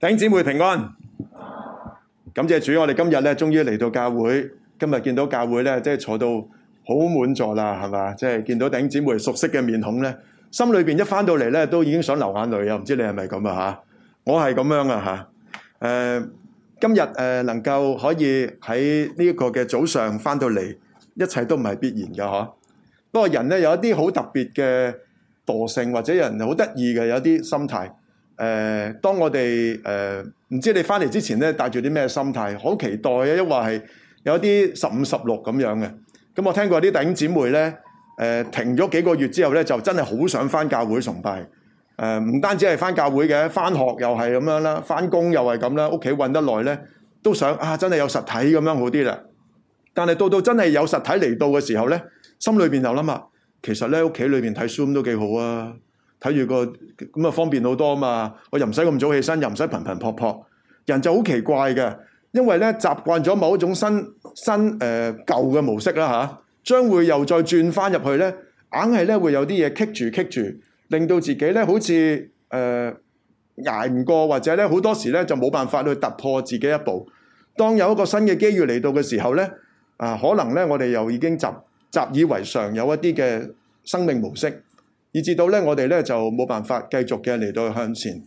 頂姊妹平安，感謝主，我哋今日咧終於嚟到教會。今日見到教會咧，即係坐到好滿座啦，係嘛？即係見到頂姊妹熟悉嘅面孔咧，心裏邊一翻到嚟咧，都已經想流眼淚啊！唔知你係咪咁啊？吓，我係咁樣啊？吓，誒，今日誒，能夠可以喺呢一個嘅早上翻到嚟，一切都唔係必然嘅嗬。不過人咧有一啲好特別嘅惰性，或者人好得意嘅有啲心態。誒、呃，當我哋誒唔知你翻嚟之前咧，帶住啲咩心態？好期待啊，又或係有啲十五十六咁樣嘅。咁、嗯、我聽過啲弟兄姊妹咧，誒、呃、停咗幾個月之後咧，就真係好想翻教會崇拜。誒、呃，唔單止係翻教會嘅，翻學又係咁樣啦，翻工又係咁啦，屋企混得耐咧，都想啊，真係有實體咁樣好啲啦。但係到到真係有實體嚟到嘅時候咧，心裏邊就諗啊，其實咧屋企裏邊睇 Zoom 都幾好啊。睇住個咁啊，方便好多啊嘛！我又唔使咁早起身，又唔使頻頻撲撲，人就好奇怪嘅。因為咧習慣咗某一種新新誒、呃、舊嘅模式啦嚇、啊，將會又再轉翻入去咧，硬係咧會有啲嘢棘住棘住，令到自己咧好似誒捱唔過，或者咧好多時咧就冇辦法去突破自己一步。當有一個新嘅機遇嚟到嘅時候咧，啊可能咧我哋又已經習習以為常，有一啲嘅生命模式。以至到咧，我哋咧就冇辦法繼續嘅嚟到向前。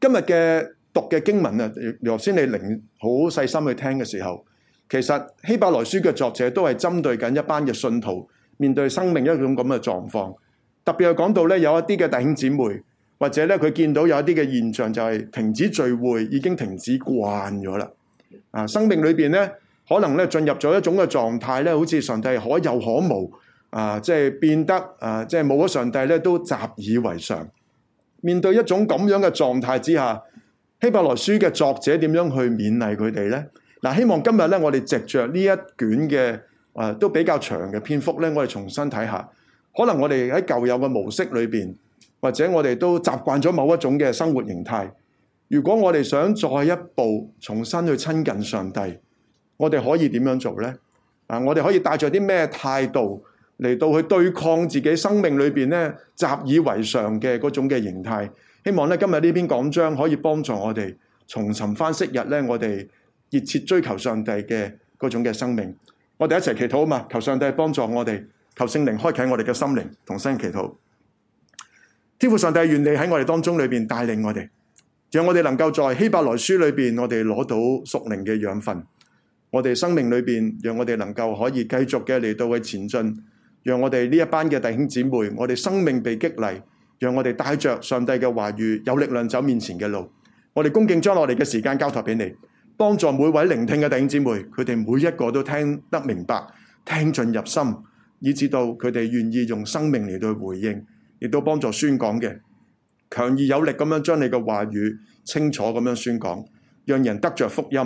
今日嘅讀嘅經文啊，頭先你零好細心去聽嘅時候，其實希伯來書嘅作者都係針對緊一班嘅信徒面對生命一種咁嘅狀況，特別係講到咧有一啲嘅弟兄姊妹，或者咧佢見到有一啲嘅現象就係停止聚會，已經停止慣咗啦。啊，生命裏邊咧可能咧進入咗一種嘅狀態咧，好似上帝可有可無。啊，即係變得啊，即係冇咗上帝咧，都習以為常。面對一種咁樣嘅狀態之下，《希伯來書》嘅作者點樣去勉勵佢哋呢？嗱，啊，希望今日咧，我哋藉着呢一卷嘅啊，都比較長嘅篇幅咧，我哋重新睇下。可能我哋喺舊有嘅模式裏邊，或者我哋都習慣咗某一種嘅生活形態。如果我哋想再一步重新去親近上帝，我哋可以點樣做呢？啊，我哋可以帶着啲咩態度？嚟到去對抗自己生命裏邊呢，習以為常嘅嗰種嘅形態。希望呢今日呢篇講章可以幫助我哋重尋翻昔日呢，我哋熱切追求上帝嘅嗰種嘅生命。我哋一齊祈禱啊嘛，求上帝幫助我哋，求聖靈開啟我哋嘅心靈，同心祈禱。天父，上帝願你喺我哋當中裏邊帶領我哋，讓我哋能夠在希伯來書裏邊，我哋攞到屬靈嘅養分。我哋生命裏邊，讓我哋能夠可以繼續嘅嚟到去前進。讓我哋呢一班嘅弟兄姊妹，我哋生命被激勵，讓我哋帶着上帝嘅話語有力量走面前嘅路。我哋恭敬將我哋嘅時間交託俾你，幫助每位聆聽嘅弟兄姊妹，佢哋每一個都聽得明白，聽進入心，以至到佢哋願意用生命嚟到回應，亦都幫助宣講嘅，強而有力咁樣將你嘅話語清楚咁樣宣講，讓人得着福音，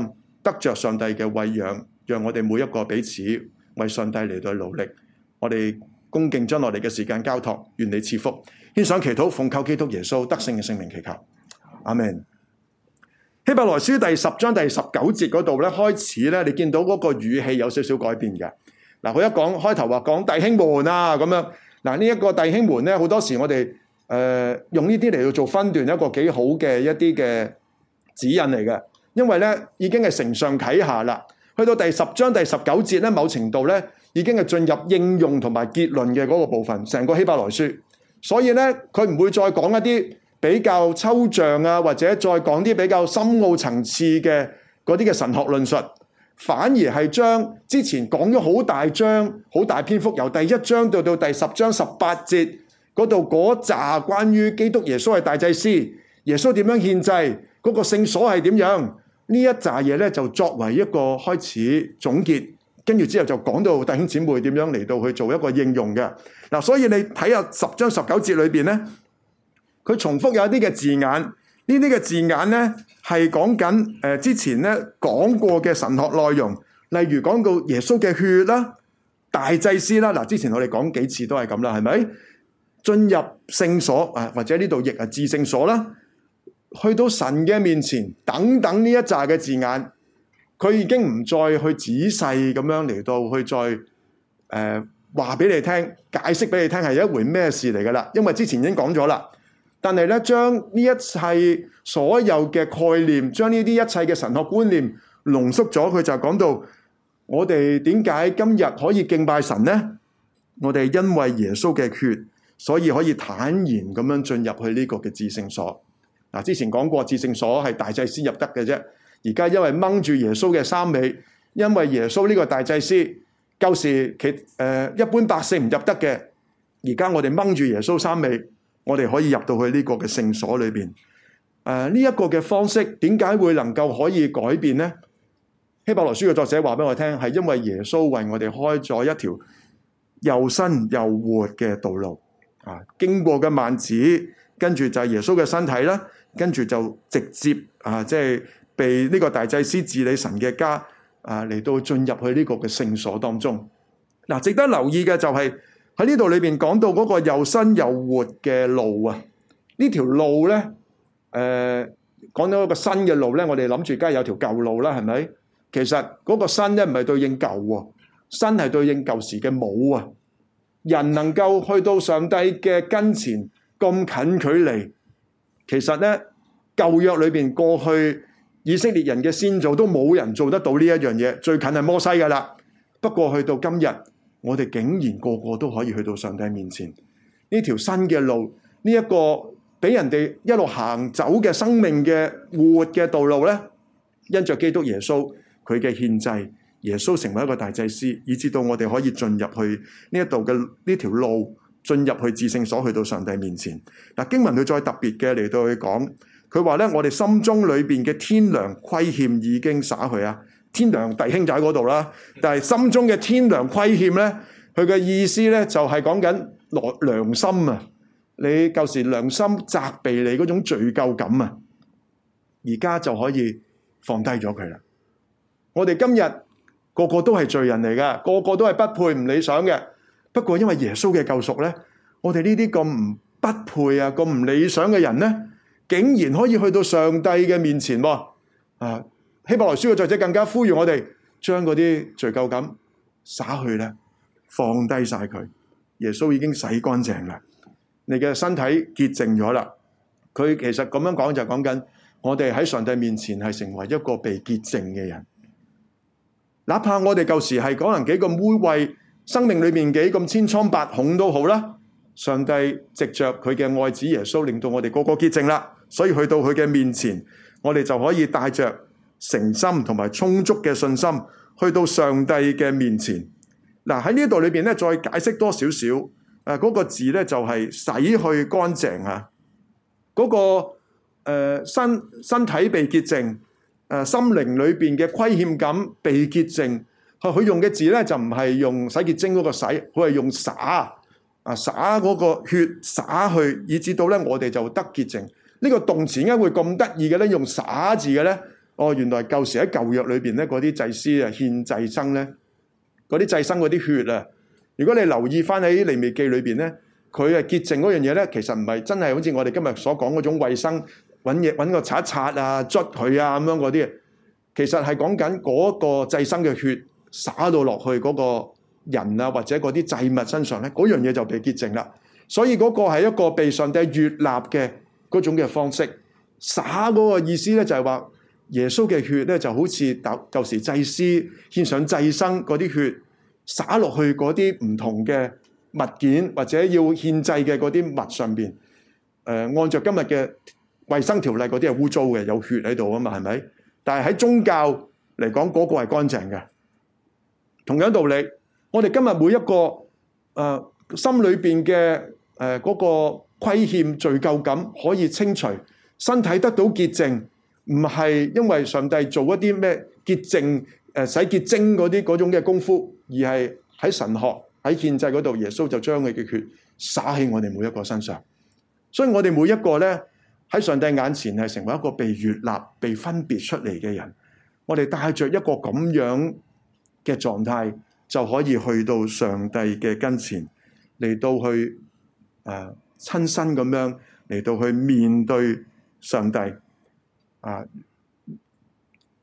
得着上帝嘅餵養。讓我哋每一個彼此為上帝嚟到努力。我哋恭敬將我哋嘅時間交託，願你賜福，獻上祈禱，奉靠基督耶穌得勝嘅聖名祈求，阿門。希伯來書第十章第十九節嗰度咧，開始咧，你見到嗰個語氣有少少改變嘅。嗱，佢一講開頭話講弟兄們啊，咁樣嗱，呢、這個呃、一個弟兄們咧，好多時我哋誒用呢啲嚟去做分段，一個幾好嘅一啲嘅指引嚟嘅，因為咧已經係承上啟下啦。去到第十章第十九節咧，某程度咧。已經係進入應用同埋結論嘅嗰個部分，成個希伯來書。所以呢，佢唔會再講一啲比較抽象啊，或者再講啲比較深奧層次嘅嗰啲嘅神學論述，反而係將之前講咗好大章、好大篇幅，由第一章到到第十章十八節嗰度嗰紮關於基督耶穌係大祭司，耶穌點樣獻祭，嗰個聖所係點樣，呢一紮嘢呢，就作為一個開始總結。跟住之後就講到弟兄姊妹點樣嚟到去做一個應用嘅。嗱、啊，所以你睇下十章十九節裏邊咧，佢重複有一啲嘅字眼，呢啲嘅字眼咧係講緊誒、呃、之前咧講過嘅神學內容，例如講到耶穌嘅血啦、大祭司啦，嗱、啊、之前我哋講幾次都係咁啦，係咪？進入聖所啊，或者呢度亦係至聖所啦，去到神嘅面前等等呢一紮嘅字眼。佢已經唔再去仔細咁樣嚟到去再誒話俾你聽，解釋俾你聽係一回咩事嚟噶啦，因為之前已經講咗啦，但係咧將呢將一切所有嘅概念，將呢啲一切嘅神學觀念濃縮咗，佢就講到我哋點解今日可以敬拜神呢？我哋因為耶穌嘅血，所以可以坦然咁樣進入去呢個嘅至聖所。嗱，之前講過，至聖所係大祭司入得嘅啫。而家因為掹住耶穌嘅衫尾，因為耶穌呢個大祭司，舊時佢誒一般百姓唔入得嘅，而家我哋掹住耶穌衫尾，我哋可以入到去呢個嘅聖所裏邊。誒呢一個嘅方式點解會能夠可以改變呢？希伯來書嘅作者話俾我聽，係因為耶穌為我哋開咗一條又新又活嘅道路啊！經過嘅幔子，跟住就係耶穌嘅身體啦，跟住就直接啊，即係。被呢個大祭司治理神嘅家啊，嚟到進入去呢個嘅聖所當中。嗱，值得留意嘅就係喺呢度裏邊講到嗰個又新又活嘅路啊！呢條路咧，誒，講到一個新嘅路咧，我哋諗住梗係有條舊路啦，係咪？其實嗰個新咧唔係對應舊喎，新係對應舊時嘅冇啊！人能夠去到上帝嘅跟前咁近距離，其實咧舊約裏邊過去。以色列人嘅先祖都冇人做得到呢一樣嘢，最近係摩西噶啦。不過去到今日，我哋竟然個個都可以去到上帝面前。呢條新嘅路，呢、這、一個俾人哋一路行走嘅生命嘅活嘅道路咧，因着基督耶穌佢嘅獻祭，耶穌成為一個大祭司，以至到我哋可以進入去呢一度嘅呢條路，進入去至聖所，去到上帝面前。嗱，經文佢再特別嘅嚟到去講。佢話咧：我哋心中裏面嘅天良虧欠已經灑去啊！天良弟兄就喺嗰度啦，但係心中嘅天良虧欠呢，佢嘅意思呢，就係、是、講緊良心啊！你舊時良心責備你嗰種罪疚感啊，而家就可以放低咗佢啦。我哋今日個個都係罪人嚟㗎，個個都係不配唔理想嘅。不過因為耶穌嘅救贖呢，我哋呢啲咁不配啊，咁唔理想嘅人呢。竟然可以去到上帝嘅面前喎！啊，希伯來書嘅作者更加呼籲我哋將嗰啲罪疚感灑去咧，放低晒佢。耶穌已經洗乾淨啦，你嘅身體潔淨咗啦。佢其實咁樣講就講緊，我哋喺上帝面前係成為一個被潔淨嘅人。哪怕我哋舊時係可能幾咁污穢、生命裏面幾咁千瘡百孔都好啦，上帝藉着佢嘅愛子耶穌，令到我哋個個潔淨啦。所以去到佢嘅面前，我哋就可以帶着誠心同埋充足嘅信心去到上帝嘅面前。嗱、啊、喺呢度裏邊咧，再解釋多少少誒嗰個字咧，就係、是、洗去乾淨啊！嗰個身身體被潔淨，誒、啊、心靈裏邊嘅虧欠感被潔淨。佢、啊、用嘅字咧就唔係用洗潔精嗰個洗，佢係用灑啊，灑嗰個血灑去，以至到咧我哋就得潔淨。呢個動詞點解會咁得意嘅咧？用灑字嘅呢？哦，原來舊時喺舊約裏邊呢嗰啲祭司啊，獻祭牲呢，嗰啲祭牲嗰啲血啊，如果你留意返喺利未記裏邊呢，佢啊潔淨嗰樣嘢咧，其實唔係真係好似我哋今日所講嗰種衞生揾嘢揾個刷刷啊、捽佢啊咁樣嗰啲，其實係講緊嗰個祭牲嘅血灑到落去嗰個人啊或者嗰啲祭物身上咧，嗰樣嘢就被潔淨啦。所以嗰個係一個被上帝悅納嘅。嗰種嘅方式，灑嗰個意思咧就係話耶穌嘅血咧就好似舊舊時祭司獻上祭牲嗰啲血，灑落去嗰啲唔同嘅物件或者要獻祭嘅嗰啲物上邊。誒、呃，按照今日嘅衞生條例，嗰啲係污糟嘅，有血喺度啊嘛，係咪？但係喺宗教嚟講，嗰個係乾淨嘅。同樣道理，我哋今日每一個誒、呃、心裏邊嘅誒嗰個。虧欠罪疚感可以清除，身體得到潔淨，唔係因為上帝做一啲咩潔淨洗潔精嗰啲、嗰種嘅功夫，而係喺神學喺獻祭嗰度，耶穌就將佢嘅血灑喺我哋每一個身上。所以我哋每一個呢，喺上帝眼前係成為一個被悅納、被分別出嚟嘅人。我哋帶着一個咁樣嘅狀態，就可以去到上帝嘅跟前嚟到去、啊親身咁樣嚟到去面對上帝啊！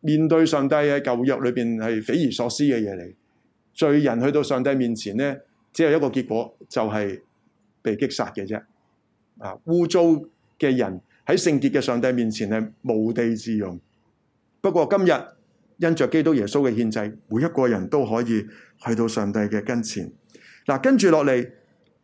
面對上帝喺舊約裏邊係匪夷所思嘅嘢嚟，罪人去到上帝面前呢，只有一個結果就係、是、被擊殺嘅啫。啊！污糟嘅人喺聖潔嘅上帝面前係無地自容。不過今日因着基督耶穌嘅獻祭，每一個人都可以去到上帝嘅跟前。嗱、啊，跟住落嚟。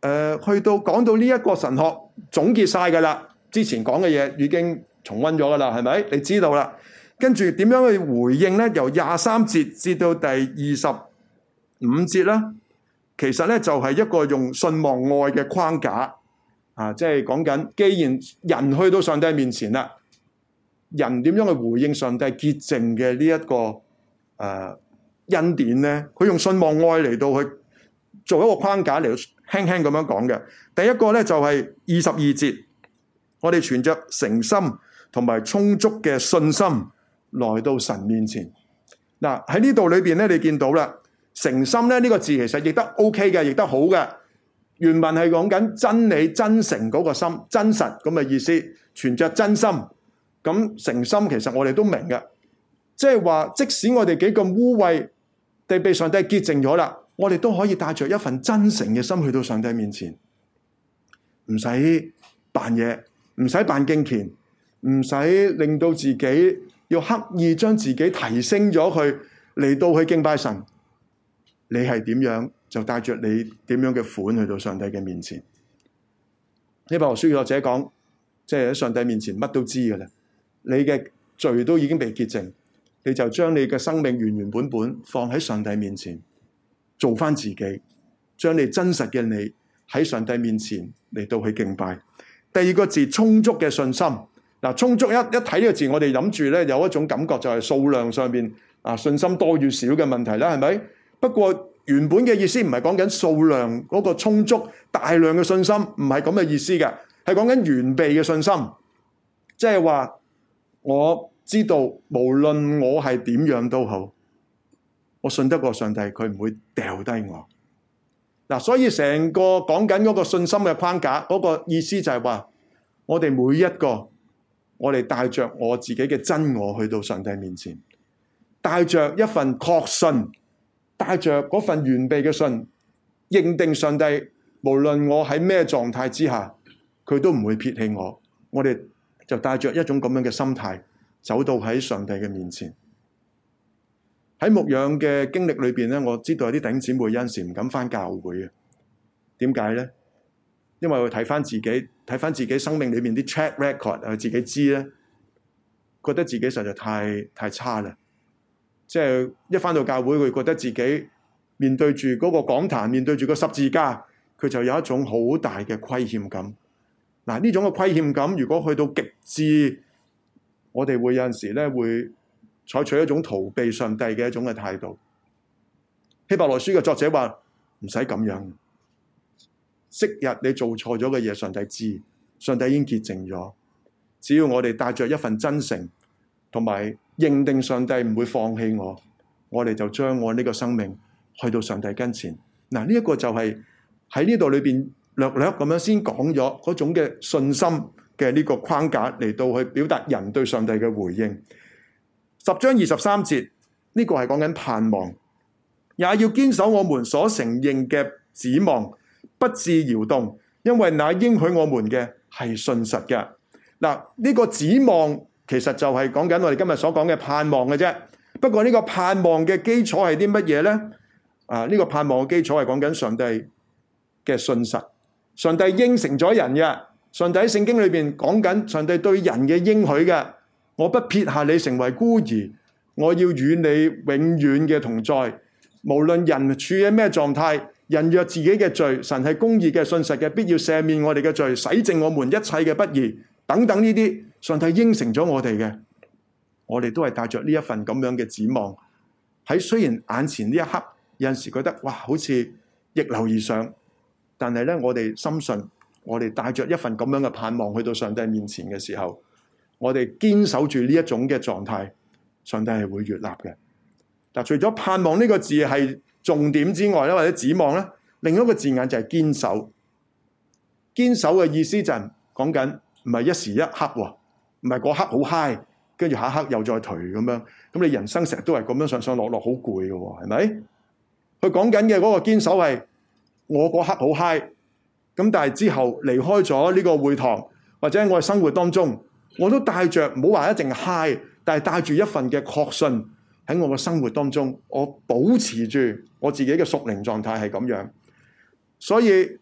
誒、呃，去到講到呢一個神學總結晒噶啦，之前講嘅嘢已經重溫咗噶啦，係咪？你知道啦，跟住點樣去回應呢？由廿三節至到第二十五節啦，其實呢就係、是、一個用信望愛嘅框架啊，即係講緊，既然人去到上帝面前啦，人點樣去回應上帝潔淨嘅呢一個誒恩、啊、典呢？佢用信望愛嚟到去做一個框架嚟。輕輕咁樣講嘅，第一個咧就係二十二節，我哋存着誠心同埋充足嘅信心來到神面前。嗱，喺呢度裏邊咧，你見到啦，誠心咧呢個字其實亦都 OK 嘅，亦都好嘅。原文係講緊真理、真誠嗰個心、真實咁嘅意思，存着真心咁誠心，其實我哋都明嘅。即係話，即使我哋幾咁污穢，地被上帝潔淨咗啦。我哋都可以帶着一份真誠嘅心去到上帝面前，唔使扮嘢，唔使扮敬虔，唔使令到自己要刻意將自己提升咗去嚟到去敬拜神。你係點樣，就帶着你點樣嘅款去到上帝嘅面前。呢部書學者講，即係喺上帝面前乜都知㗎喇，你嘅罪都已經被潔淨，你就將你嘅生命原原本本本放喺上帝面前。做返自己，將你真實嘅你喺上帝面前嚟到去敬拜。第二個字充足嘅信心，嗱、啊、充足一一睇呢個字，我哋諗住咧有一種感覺就係數量上面啊信心多與少嘅問題啦，係咪？不過原本嘅意思唔係講緊數量嗰個充足大量嘅信心，唔係咁嘅意思嘅，係講緊完備嘅信心，即係話我知道無論我係點樣都好。我信得過上帝，佢唔會掉低我。嗱、啊，所以成個講緊嗰個信心嘅框架，嗰、嗰個意思就係話，我哋每一個，我哋帶着我自己嘅真我去到上帝面前，帶着一份確信，帶着嗰份完備嘅信，認定上帝，無論我喺咩狀態之下，佢都唔會撇棄我。我哋就帶着一種咁樣嘅心態，走到喺上帝嘅面前。喺牧養嘅經歷裏邊咧，我知道有啲弟兄姊妹有陣時唔敢翻教會嘅，點解咧？因為佢睇翻自己，睇翻自己生命裏面啲 track record 啊，自己知咧，覺得自己實在太太差啦。即係一翻到教會，佢覺得自己面對住嗰個講壇，面對住個十字架，佢就有一種好大嘅虧欠感。嗱，呢種嘅虧欠感，如果去到極致，我哋會有陣時咧會。採取一種逃避上帝嘅一種嘅態度。希伯來書嘅作者話：唔使咁樣，昔日你做錯咗嘅嘢，上帝知，上帝已經潔淨咗。只要我哋帶着一份真誠，同埋認定上帝唔會放棄我，我哋就將我呢個生命去到上帝跟前。嗱，呢一個就係喺呢度裏邊略略咁樣先講咗嗰種嘅信心嘅呢個框架嚟到去表達人對上帝嘅回應。十章二十三節呢個係講緊盼望，也要堅守我們所承認嘅指望，不致搖動，因為那應許我們嘅係信實嘅。嗱，呢個指望其實就係講緊我哋今日所講嘅盼望嘅啫。不過呢個盼望嘅基礎係啲乜嘢咧？啊，呢個盼望嘅基礎係講緊上帝嘅信實。上帝應承咗人嘅，上帝喺聖經裏面講緊上帝對人嘅應許嘅。我不撇下你成為孤兒，我要與你永遠嘅同在。無論人處喺咩狀態，人若自己嘅罪，神係公義嘅、信實嘅，必要赦免我哋嘅罪，洗淨我們一切嘅不義等等呢啲，上帝應承咗我哋嘅。我哋都係帶着呢一份咁樣嘅展望喺，雖然眼前呢一刻有陣時覺得哇，好似逆流而上，但係咧，我哋深信，我哋帶着一份咁樣嘅盼望去到上帝面前嘅時候。我哋堅守住呢一種嘅狀態，上帝係會悅納嘅。但除咗盼望呢個字係重點之外咧，或者指望咧，另一個字眼就係堅守。堅守嘅意思就係講緊唔係一時一刻，唔係嗰刻好嗨，跟住下一刻又再頹咁樣。咁你人生成日都係咁樣上上落落，好攰嘅，係咪？佢講緊嘅嗰個堅守係我嗰刻好嗨。i 咁但係之後離開咗呢個會堂，或者我嘅生活當中。我都帶著，冇話一定 h，但係帶住一份嘅確信喺我嘅生活當中，我保持住我自己嘅熟靈狀態係咁樣。所以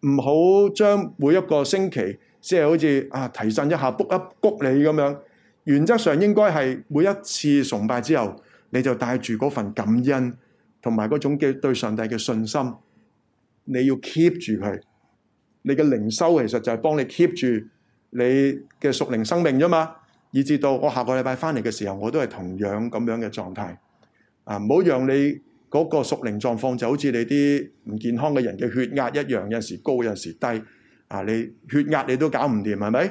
唔好將每一個星期，即係好似啊提神一下，卜一卜你咁樣。原則上應該係每一次崇拜之後，你就帶住嗰份感恩同埋嗰種對上帝嘅信心，你要 keep 住佢。你嘅靈修其實就係幫你 keep 住。你嘅屬靈生命啫嘛，以至到我下個禮拜翻嚟嘅時候，我都係同樣咁樣嘅狀態。啊，唔好讓你嗰個屬靈狀況就好似你啲唔健康嘅人嘅血壓一樣，有陣時高，有陣時低。啊，你血壓你都搞唔掂，係咪？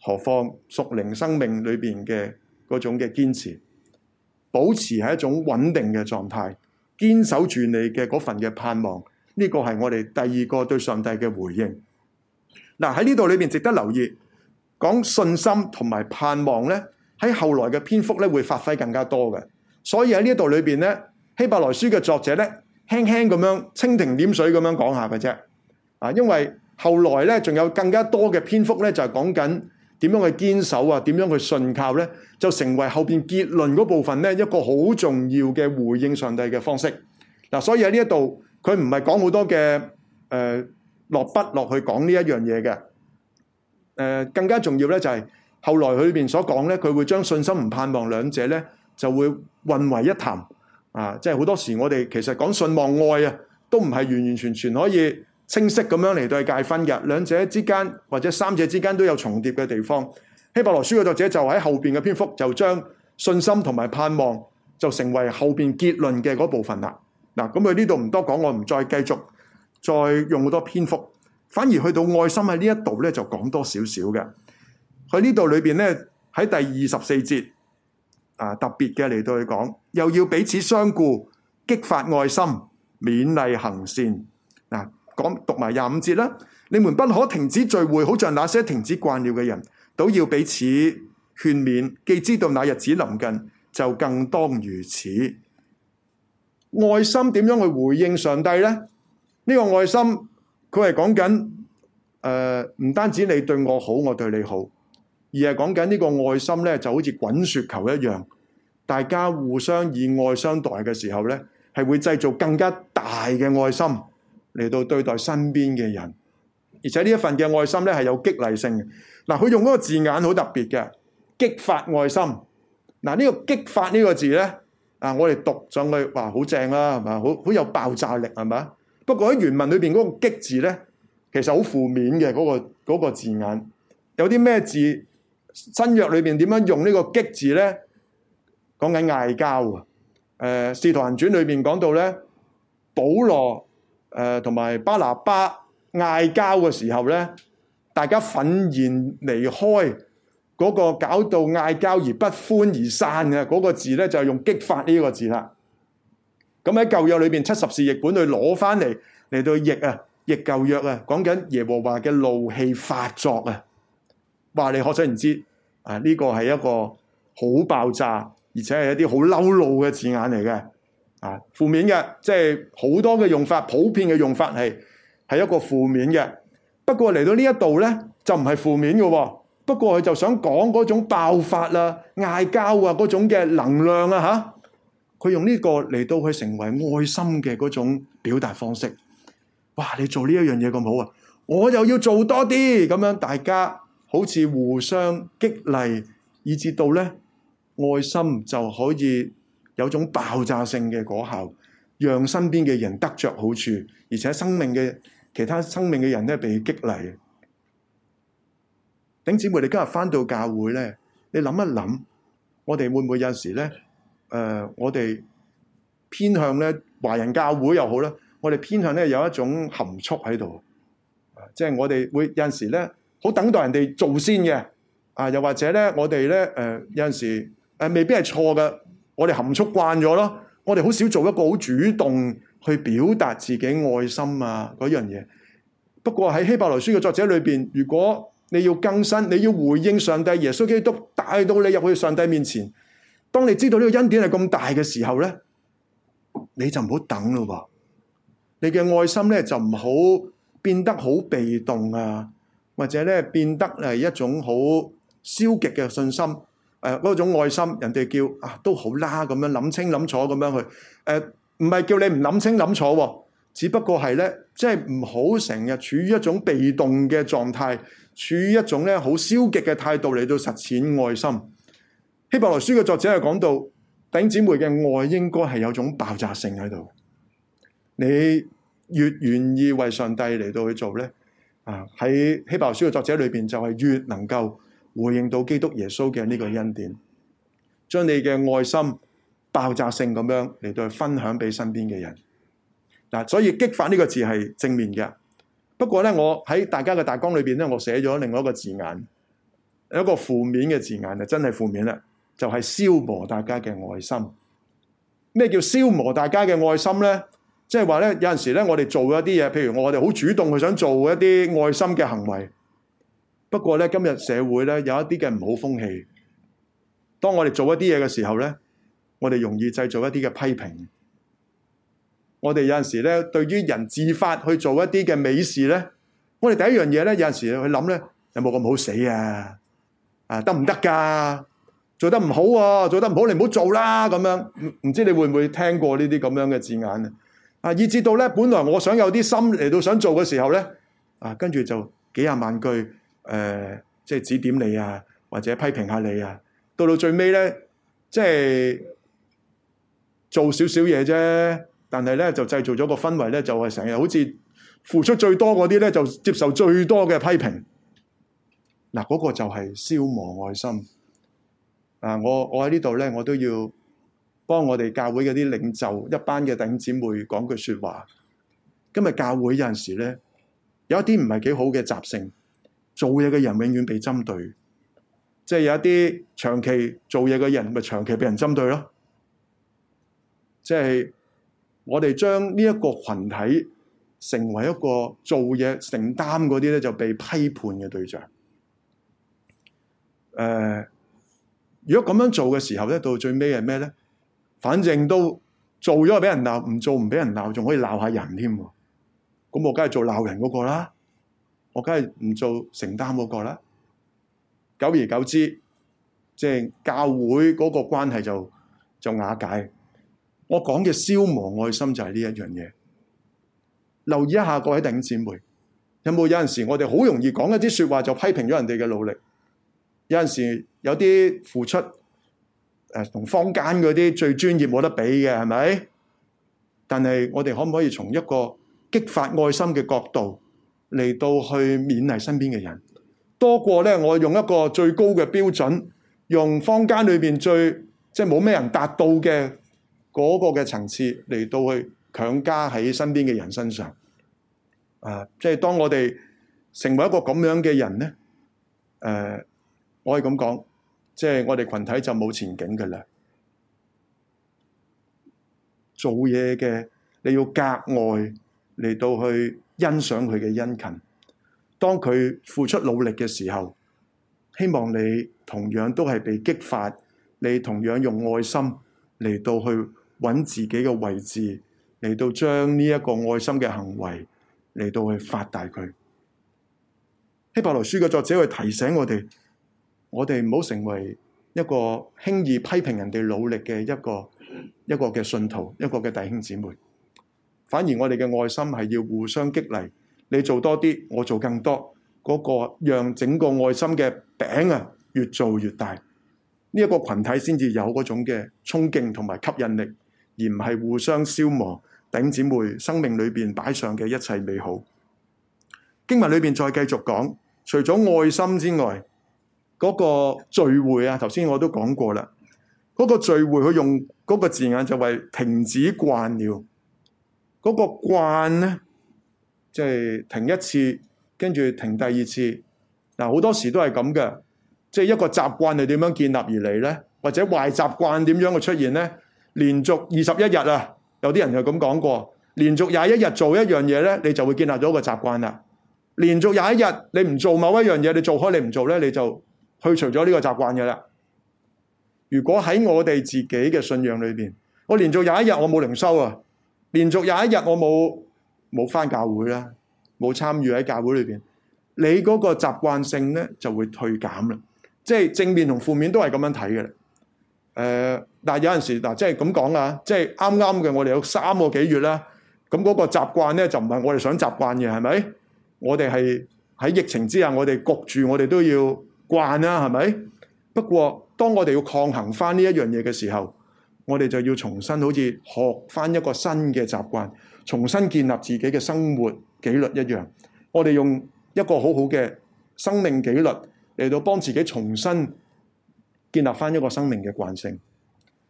何況屬靈生命裏邊嘅嗰種嘅堅持，保持喺一種穩定嘅狀態，堅守住你嘅嗰份嘅盼望，呢個係我哋第二個對上帝嘅回應。嗱、啊，喺呢度裏面值得留意。講信心同埋盼望呢，喺後來嘅篇幅咧，會發揮更加多嘅。所以喺呢度裏邊咧，希伯來書嘅作者咧，輕輕咁樣蜻蜓點水咁樣講下嘅啫。啊，因為後來呢，仲有更加多嘅篇幅咧，就係講緊點樣去堅守啊，點樣去信靠咧，就成為後面結論嗰部分呢一個好重要嘅回應上帝嘅方式。啊，所以喺呢，呃，一度佢唔係講好多嘅，誒，落筆落去講呢一樣嘢嘅。呃、更加重要咧，就係後來佢裏面所講咧，佢會將信心唔盼望兩者呢，就會混為一談啊！即係好多時候我哋其實講信望愛啊，都唔係完完全全可以清晰咁樣嚟到界分嘅，兩者之間或者三者之間都有重疊嘅地方。希伯來書嘅作者就喺後面嘅篇幅就將信心同埋盼望就成為後邊結論嘅嗰部分啦。嗱、啊，咁佢呢度唔多講，我唔再繼續，再用好多篇幅。反而去到愛心喺呢一度咧，就講多少少嘅。喺呢度裏邊咧，喺第二十四節啊，特別嘅嚟到去講，又要彼此相顧，激發愛心，勉勵行善。嗱、啊，講讀埋廿五節啦。你們不可停止聚會，好像那些停止慣了嘅人，都要彼此勸勉。既知道那日子臨近，就更當如此。愛心點樣去回應上帝呢？呢、呢個愛心。佢係講緊誒，唔單止你對我好，我對你好，而係講緊呢個愛心咧，就好似滾雪球一樣，大家互相以愛相待嘅時候咧，係會製造更加大嘅愛心嚟到對待身邊嘅人，而且呢一份嘅愛心咧係有激勵性嘅。嗱，佢用嗰個字眼好特別嘅，激發愛心。嗱呢個激發呢個字咧，啊我哋讀上去哇，好正啦，啊，係嘛？好好有爆炸力，係嘛？不過喺原文裏邊嗰個激字呢，其實好負面嘅嗰個嗰個字眼。有啲咩字，新約裏邊點樣用呢個激字呢？講緊嗌交啊！誒《使徒行傳》裏面講到呢，保羅同埋、呃、巴拿巴嗌交嘅時候呢，大家憤然離開，嗰個搞到嗌交而不歡而散嘅嗰個字呢，就係用激發呢個字啦。咁喺舊約裏邊七十士譯本去攞翻嚟嚟到譯啊譯舊約啊，講緊耶和華嘅怒氣發作啊，話你可想而知啊呢個係一個好爆炸，而且係一啲好嬲怒嘅字眼嚟嘅啊負面嘅，即係好多嘅用法，普遍嘅用法係係一個負面嘅。不過嚟到呢一度咧，就唔係負面嘅。不過佢就想講嗰種爆發啊、嗌交啊嗰種嘅能量啊，吓。佢用呢個嚟到去成為愛心嘅嗰種表達方式，哇！你做呢一樣嘢咁好啊，我又要做多啲咁樣，大家好似互相激勵，以至到咧愛心就可以有種爆炸性嘅果效，讓身邊嘅人得着好處，而且生命嘅其他生命嘅人咧被激勵。弟兄姊妹，你今日返到教會咧，你諗一諗，我哋會唔會有時咧？誒、呃，我哋偏向咧華人教會又好啦，我哋偏向咧有一種含蓄喺度、啊，即係我哋會有陣時咧好等待人哋做先嘅，啊，又或者咧我哋咧誒有陣時誒、啊、未必係錯嘅，我哋含蓄慣咗咯，我哋好少做一個好主動去表達自己愛心啊嗰樣嘢。不過喺希伯來書嘅作者裏邊，如果你要更新，你要回應上帝耶穌基督，帶到你入去上帝面前。當你知道呢個恩典係咁大嘅時候咧，你就唔好等咯噃。你嘅愛心咧就唔好變得好被動啊，或者咧變得係一種好消極嘅信心。誒、呃，嗰種愛心，人哋叫啊都好啦，咁樣諗清諗楚咁樣去。誒、呃，唔係叫你唔諗清諗楚，啊，只不過係咧即係唔好成日處於一種被動嘅狀態，處於一種咧好消極嘅態度嚟到實踐愛心。希伯來書嘅作者係講到，弟兄姊妹嘅愛應該係有種爆炸性喺度，你越願意為上帝嚟到去做咧，啊喺希伯來書嘅作者裏邊就係越能夠回應到基督耶穌嘅呢個恩典，將你嘅愛心爆炸性咁樣嚟到去分享俾身邊嘅人，嗱，所以激發呢個字係正面嘅，不過咧我喺大家嘅大綱裏邊咧，我寫咗另外一個字眼，有一個負面嘅字眼就真係負面啦。就係消磨大家嘅愛心。咩叫消磨大家嘅愛心呢？即係話呢，有陣時呢，我哋做一啲嘢，譬如我哋好主動去想做一啲愛心嘅行為。不過呢，今日社會呢有一啲嘅唔好風氣。當我哋做一啲嘢嘅時候呢，我哋容易製造一啲嘅批評。我哋有陣時呢，對於人自發去做一啲嘅美事呢，我哋第一樣嘢呢，有陣時去諗呢，有冇咁好死啊？啊，得唔得㗎？做得唔好啊，做得唔好你唔好做啦咁樣，唔知你會唔會聽過呢啲咁樣嘅字眼啊？啊，以至到咧，本來我想有啲心嚟到想做嘅時候咧，啊，跟住就幾廿萬句誒、呃，即係指點你啊，或者批評下你啊，到到最尾咧，即係做少少嘢啫，但係咧就製造咗個氛圍咧，就係成日好似付出最多嗰啲咧，就接受最多嘅批評。嗱、啊，嗰、嗰個就係消磨愛心。啊！我我喺呢度咧，我都要幫我哋教會嗰啲領袖一班嘅弟兄姊妹講句說話。今日教會有陣時咧，有一啲唔係幾好嘅習性，做嘢嘅人永遠被針對，即係有一啲長期做嘢嘅人，咪長期被人針對咯。即係我哋將呢一個群體成為一個做嘢承擔嗰啲咧，就被批判嘅對象。誒、呃。如果咁樣做嘅時候咧，到最尾係咩呢？反正都做咗俾人鬧，唔做唔俾人鬧，仲可以鬧下人添。咁我梗係做鬧人嗰個啦，我梗係唔做承擔嗰個啦。久而久之，即係教會嗰個關係就就瓦解。我講嘅消磨愛心就係呢一樣嘢。留意一下各位弟兄姊妹，有冇有陣時我哋好容易講一啲說話就批評咗人哋嘅努力？有陣時有啲付出，誒同坊間嗰啲最專業冇得比嘅係咪？但係我哋可唔可以從一個激發愛心嘅角度嚟到去勉勵身邊嘅人，多過咧我用一個最高嘅標準，用坊間裏邊最即係冇咩人達到嘅嗰個嘅層次嚟到去強加喺身邊嘅人身上。啊，即係當我哋成為一個咁樣嘅人咧，誒。我可以咁講，即係我哋群體就冇前景噶啦。做嘢嘅你要格外嚟到去欣賞佢嘅恩勤。當佢付出努力嘅時候，希望你同樣都係被激發，你同樣用愛心嚟到去揾自己嘅位置，嚟到將呢一個愛心嘅行為嚟到去放大佢。希伯來書嘅作者去提醒我哋。我哋唔好成為一個輕易批評人哋努力嘅一個一個嘅信徒，一個嘅弟兄姊妹。反而我哋嘅愛心係要互相激勵，你做多啲，我做更多，嗰個讓整個愛心嘅餅啊越做越大。呢一個群體先至有嗰種嘅衝勁同埋吸引力，而唔係互相消磨弟兄姊妹生命裏邊擺上嘅一切美好。經文裏邊再繼續講，除咗愛心之外。嗰個聚會啊，頭先我都講過啦。嗰個聚會，佢用嗰個字眼就為停止慣了。嗰個慣呢，即係停一次，跟住停第二次。嗱，好多時都係咁嘅。即係一個習慣係點樣建立而嚟呢？或者壞習慣點樣嘅出現呢？連續二十一日啊，有啲人就咁講過。連續廿一日做一樣嘢呢，你就會建立咗一個習慣啦。連續廿一日你唔做某一樣嘢，你做開你唔做呢，你就～去除咗呢個習慣嘅啦。如果喺我哋自己嘅信仰裏邊，我連續有一日我冇靈修啊，連續有一日我冇冇返教會啦，冇參與喺教會裏邊，你嗰個習慣性咧就會退減啦。即係正面同負面都係咁樣睇嘅啦。誒、呃，但係有陣時嗱，即係咁講啊，即係啱啱嘅，我哋有三個幾月啦。咁嗰個習慣咧就唔係我哋想習慣嘅，係咪？我哋係喺疫情之下，我哋焗住，我哋都要。慣啦，啊，係咪？不過當我哋要抗衡翻呢一樣嘢嘅時候，我哋就要重新好似學翻一個新嘅習慣，重新建立自己嘅生活紀律一樣。我哋用一個好好嘅生命紀律嚟到幫自己重新建立翻一個生命嘅慣性。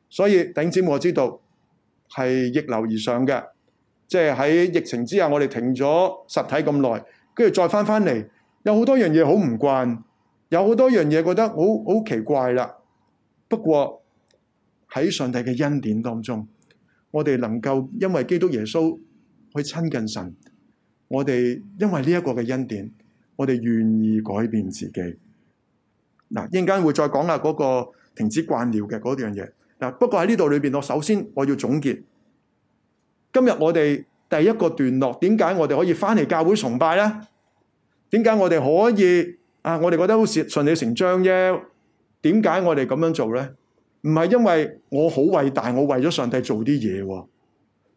所以頂尖我知道係逆流而上嘅，即係喺疫情之下，我哋停咗實體咁耐，跟住再翻翻嚟，有好多樣嘢好唔慣。有好多樣嘢覺得好好奇怪啦，不過喺上帝嘅恩典當中，我哋能夠因為基督耶穌去親近神，我哋因為呢一個嘅恩典，我哋願意改變自己。嗱，一陣間會再講下嗰個停止慣尿嘅嗰樣嘢。嗱，不過喺呢度裏邊，我首先我要總結，今日我哋第一個段落，點解我哋可以翻嚟教會崇拜呢？點解我哋可以？啊！我哋覺得好似順理成章啫。點解我哋咁樣做呢？唔係因為我好偉大，我為咗上帝做啲嘢喎。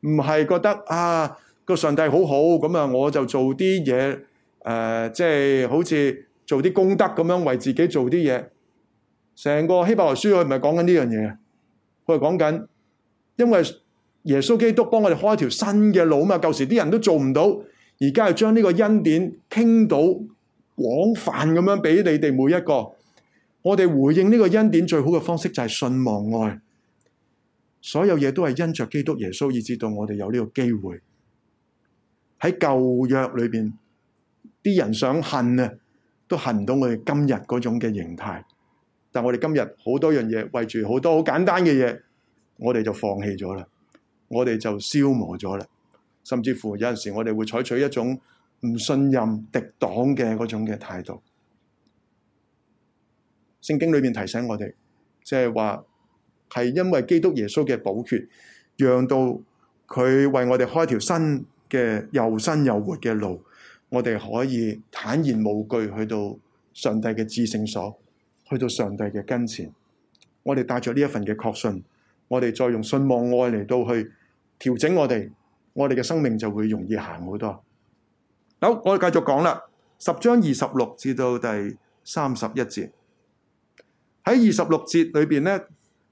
唔係覺得啊，個上帝好好咁啊，我就做啲嘢。誒，呃，即係好似做啲功德咁樣，為自己做啲嘢。成個希伯來書佢唔係講緊呢樣嘢，佢係講緊因為耶穌基督幫我哋開一條新嘅路嘛。舊時啲人都做唔到，而家係將呢個恩典傾到，廣泛咁樣俾你哋每一個，我哋回應呢個恩典最好嘅方式就係信望愛，所有嘢都係因着基督耶穌以至到我哋有呢個機會。喺舊約裏邊，啲人想恨啊，都恨唔到我哋今日嗰種嘅形態。但我哋今日好多樣嘢為住好多好簡單嘅嘢，我哋就放棄咗啦，我哋就消磨咗啦，甚至乎有陣時我哋會採取一種。唔信任敵黨嘅嗰種嘅態度，聖經裏面提醒我哋，即係話係因為基督耶穌嘅寶血，讓到佢為我哋開條新嘅又新又活嘅路，我哋可以坦然無懼去到上帝嘅至聖所，去到上帝嘅跟前。我哋帶住呢一份嘅確信，我哋再用信望愛嚟到去調整我哋，我哋嘅生命就會容易行好多。好，我哋繼續講啦。十章二十六至到第三十一節，喺二十六節裏邊呢，誒、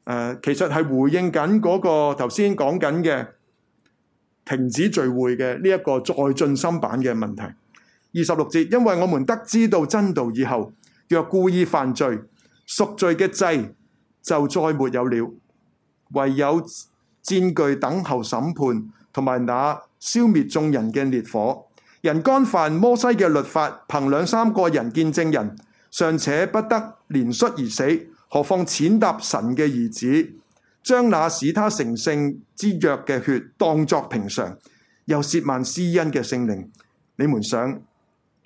呃，其實係回應緊嗰個頭先講緊嘅停止聚會嘅呢一個再進新版嘅問題。二十六節，因為我們得知道真道以後，若故意犯罪，贖罪嘅祭就再沒有了，唯有戰懼等候審判同埋那消滅眾人嘅烈火。人干犯摩西嘅律法，憑兩三個人見證人，尚且不得憐恤而死，何況踐踏神嘅兒子，將那使他成聖之約嘅血當作平常，又褻慢施恩嘅聖靈？你們想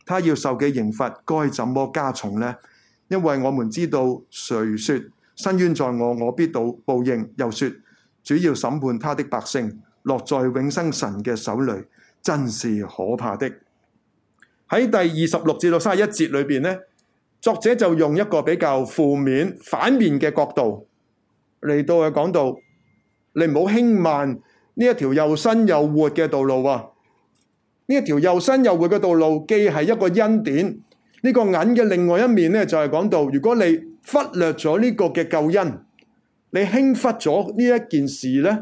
他要受嘅刑罰，該怎麼加重呢？因為我們知道，誰說“伸冤在我，我必到報應”，又說“主要審判他的百姓，落在永生神嘅手裏”。真是可怕的！喺第二十六至到三十一節裏邊呢，作者就用一個比較負面、反面嘅角度嚟到去講到：你唔好輕慢呢一條又新又活嘅道路喎、啊！呢一條又新又活嘅道路，既係一個恩典。呢、這個銀嘅另外一面呢，就係、是、講到：如果你忽略咗呢個嘅救恩，你輕忽咗呢一件事呢。」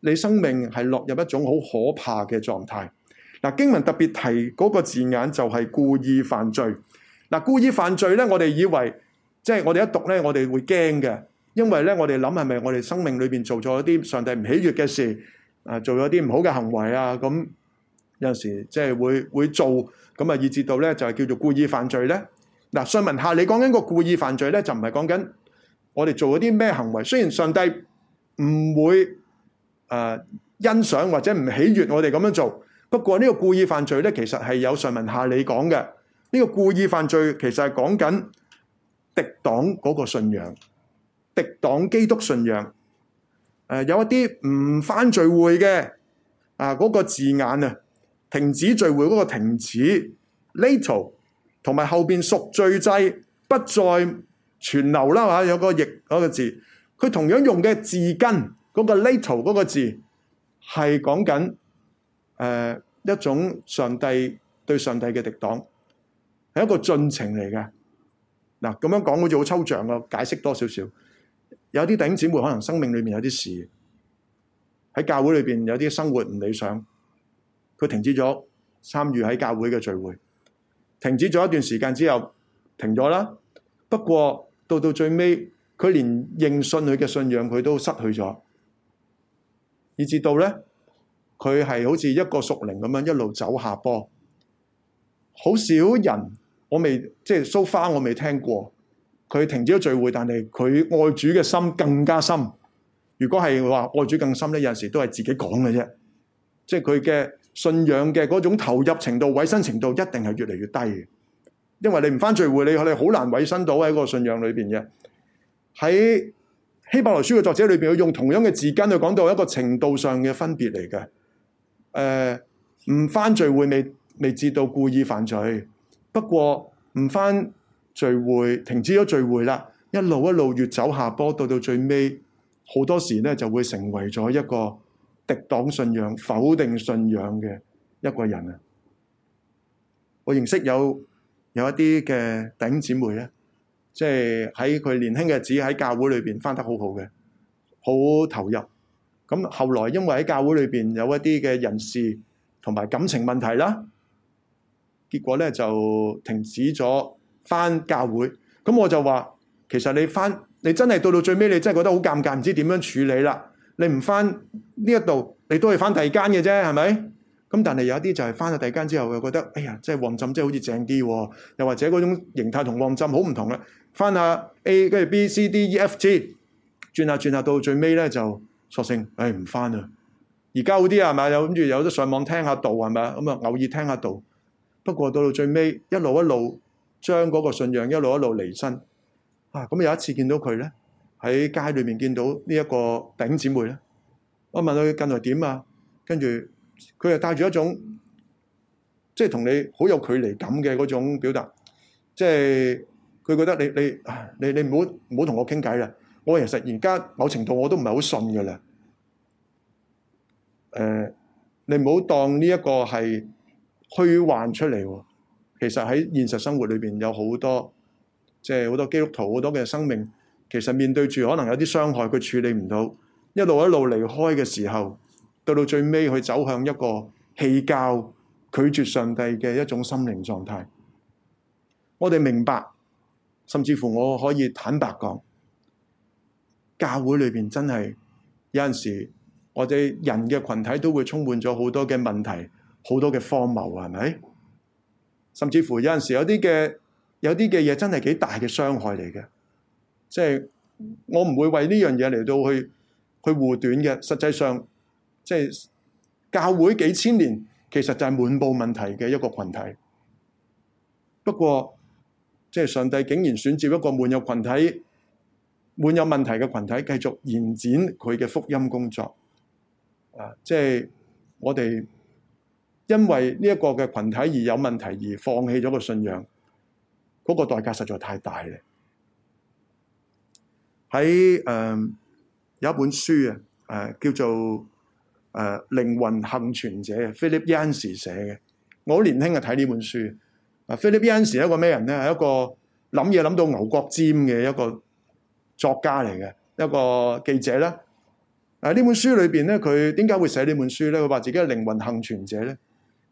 你生命係落入一種好可怕嘅狀態。嗱，經文特別提嗰個字眼就係故意犯罪。嗱，故意犯罪咧，我哋以為即係我哋一讀咧，我哋會驚嘅，因為咧我哋諗係咪我哋生命裏邊做咗一啲上帝唔喜悅嘅事啊，做咗啲唔好嘅行為啊，咁有陣時即係會會做咁啊，以致到咧就係叫做故意犯罪咧。嗱，上文下你講緊個故意犯罪咧，就唔係講緊我哋做咗啲咩行為？雖然上帝唔會。誒、啊、欣賞或者唔喜悅我哋咁樣做，不過呢個故意犯罪呢，其實係有上文下理講嘅。呢、這個故意犯罪其實係講緊敵黨嗰個信仰，敵黨基督信仰。啊、有一啲唔返聚會嘅啊，嗰、那個字眼啊，停止聚會嗰個停止，little 同埋後邊贖罪祭不再存留啦嚇，有個譯嗰、那個字，佢同樣用嘅字根。嗰個 later 嗰個字係講緊誒、呃、一種上帝對上帝嘅敵黨係一個進程嚟嘅。嗱，咁樣講好似好抽象，我解釋多少少。有啲弟兄姊妹可能生命裏面有啲事，喺教會裏邊有啲生活唔理想，佢停止咗參與喺教會嘅聚會，停止咗一段時間之後停咗啦。不過到到最尾，佢連認信佢嘅信仰佢都失去咗。以至到咧，佢係好似一個熟齡咁樣一路走下坡，好少人。我未即係 so far，我未聽過佢停止咗聚會，但係佢愛主嘅心更加深。如果係話愛主更深咧，有陣時都係自己講嘅啫。即係佢嘅信仰嘅嗰種投入程度，委身程度，一定係越嚟越低嘅。因為你唔返聚會，你你好難委身到喺個信仰裏邊嘅。喺希伯來書嘅作者裏面佢用同樣嘅字根去講到一個程度上嘅分別嚟嘅。誒、呃，唔返聚會未未至到故意犯罪，不過唔返聚會，停止咗聚會啦，一路一路越走下坡，到到最尾，好多時呢就會成為咗一個敵擋信仰、否定信仰嘅一個人啊！我認識有有一啲嘅弟兄姐妹咧。即係喺佢年輕嘅日子喺教會裏邊翻得好好嘅，好投入。咁後來因為喺教會裏邊有一啲嘅人事同埋感情問題啦，結果咧就停止咗翻教會。咁我就話：其實你翻，你真係到到最尾，你真係覺得好尷尬，唔知點樣處理啦。你唔翻呢一度，你都係翻第二間嘅啫，係咪？咁但係有一啲就係翻咗第二間之後，又覺得哎呀，即係旺浸，即係好似正啲啊，又或者嗰種形態同旺浸好唔同啦。翻下 A，跟住 B、C、D、E、F、G，轉下轉下到最尾咧就索性，唉唔翻啦。而家好啲啊，係咪？有，諗住有得上網聽下道，係咪？咁啊，偶爾聽下道。不過到到最尾，一路一路將嗰個信仰一路一路離身。啊，咁、嗯、有一次見到佢咧，喺街裏面見到呢一個頂姊妹咧，我問佢近來點啊？跟住佢又帶住一種即係同你好有距離感嘅嗰種表達，即係。佢覺得你你你你唔好唔好同我傾偈啦。我其實而家某程度我都唔係好信㗎啦。誒，你唔好當呢一個係虛幻出嚟。其實喺現實生活裏邊有好多，即係好多基督徒好多嘅生命，其實面對住可能有啲傷害，佢處理唔到，一路一路離開嘅時候，到到最尾佢走向一個棄教、拒絕上帝嘅一種心靈狀態。我哋明白。甚至乎我可以坦白講，教會裏邊真係有陣時我哋人嘅群體都會充滿咗好多嘅問題，好多嘅荒謬啊，係咪？甚至乎有陣時有啲嘅有啲嘅嘢，真係幾大嘅傷害嚟嘅。即係我唔會為呢樣嘢嚟到去去護短嘅。實際上，即係教會幾千年其實就係滿佈問題嘅一個群體。不過。即係上帝竟然選擇一個滿有群體、滿有問題嘅群體，繼續延展佢嘅福音工作。啊！即係我哋因為呢一個嘅群體而有問題，而放棄咗個信仰，嗰、那個代價實在太大啦。喺誒、呃、有一本書啊，誒、呃、叫做誒靈魂幸存者，Philip Yance 寫嘅。我好年輕啊，睇呢本書。Philip Yancey，y y 一個咩人咧？係一個諗嘢諗到牛角尖嘅一個作家嚟嘅，一個記者啦。喺、啊、呢本書裏邊咧，佢點解會寫呢本書咧？佢話自己係靈魂幸存者咧。